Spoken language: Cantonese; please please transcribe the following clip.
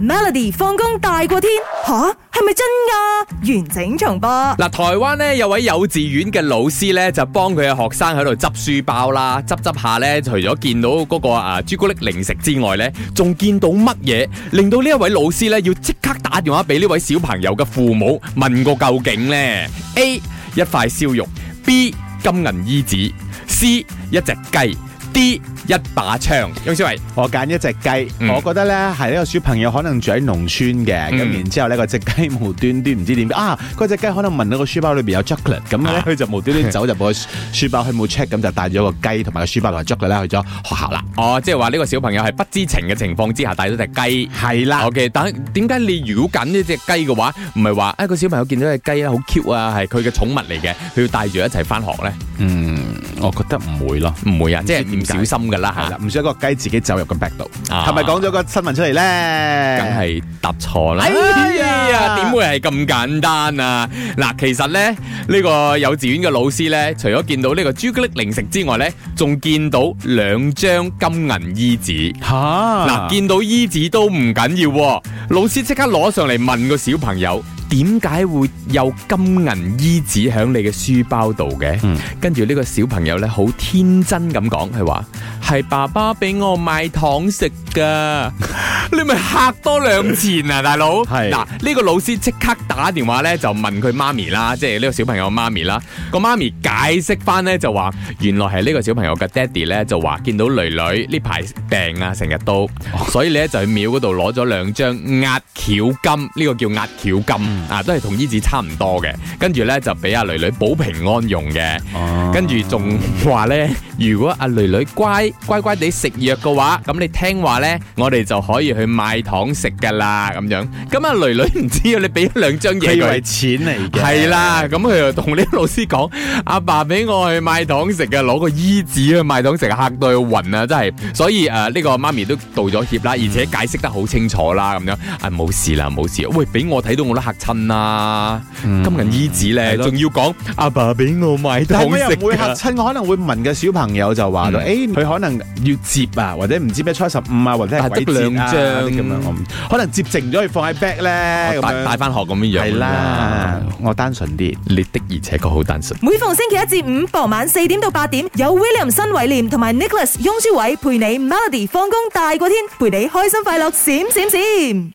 Melody 放工大過天，吓？係咪真㗎？完整重播嗱，台灣呢有位幼稚園嘅老師呢，就幫佢嘅學生喺度執書包啦，執執下呢，除咗見到嗰、那個啊朱古力零食之外呢，仲見到乜嘢，令到呢一位老師呢，要即刻打電話俾呢位小朋友嘅父母問個究竟呢？A 一塊燒肉，B 金銀衣紙，C 一隻雞，D。一把槍，楊思慧，我揀一隻雞。嗯、我覺得咧，係呢個小朋友可能住喺農村嘅，咁、嗯、然之後咧個隻雞無端端唔知點啊，嗰隻雞可能聞到個書包裏邊有 chocolate，咁咧佢、啊、就無端端走入個的書包去，去冇 check，咁就帶咗個雞同埋個書包同埋 chocolate 去咗學校啦。哦，即係話呢個小朋友係不知情嘅情況之下帶咗隻雞，係啦。OK，但係點解你如果揀呢隻雞嘅話，唔係話誒個小朋友見到隻雞好 cute 啊，係佢嘅寵物嚟嘅，佢要帶住一齊翻學咧？嗯，我覺得唔會咯，唔會啊，即係唔小心。噶啦，係啦，唔想一個雞自己走入咁 back 度係咪講咗個新聞出嚟咧？梗係答錯啦！哎呀，點、哎、呀會係咁簡單啊？嗱，其實咧呢、這個幼稚園嘅老師咧，除咗見到呢個朱古力零食之外咧，仲見到兩張金銀衣紙。吓、啊，嗱，見到衣紙都唔緊要，老師即刻攞上嚟問個小朋友。點解會有金銀衣紙喺你嘅書包度嘅？嗯，跟住呢個小朋友咧，好天真咁講，佢話係爸爸俾我買糖食噶， 你咪吓多兩錢啊，大佬。係嗱是、啊，呢、這個老師即刻打電話咧，就問佢媽咪啦，即係呢個小朋友媽咪啦，個媽咪解釋翻咧就話，原來係呢個小朋友嘅爹哋咧就話見到女女呢排病啊，成日都，所以咧就去廟嗰度攞咗兩張壓轎金，呢、這個叫壓轎金。啊，都係同醫紙差唔多嘅，跟住咧就俾阿囡囡保平安用嘅，跟住仲話咧，如果阿囡囡乖乖乖地食藥嘅話，咁你聽話咧，我哋就可以去買糖食噶啦，咁樣。咁阿囡囡唔知要你俾兩張嘢，佢以為錢嚟嘅，係啦。咁佢又同呢個老師講，阿 爸俾我去買糖食嘅，攞個醫紙去買糖食，吓到暈啊！真係。所以誒，呢、啊這個媽咪都道咗歉啦，嗯、而且解釋得好清楚啦，咁樣啊，冇事啦，冇事。喂，俾我睇到我都吓。親啊，金銀衣紙咧，仲要講阿爸俾我買，但係我又唔會吓親，我可能會問嘅小朋友就話咯，誒，佢可能要折啊，或者唔知咩初十五啊，或者係折兩張啲咁樣，我唔可能折剩咗去放喺 bag 咧，帶翻學咁樣樣。係啦，我單純啲，你的而且確好單純。每逢星期一至五傍晚四點到八點，有 William 新偉廉同埋 Nicholas 雍書偉陪你 Melody 放工大過天，陪你開心快樂閃閃閃。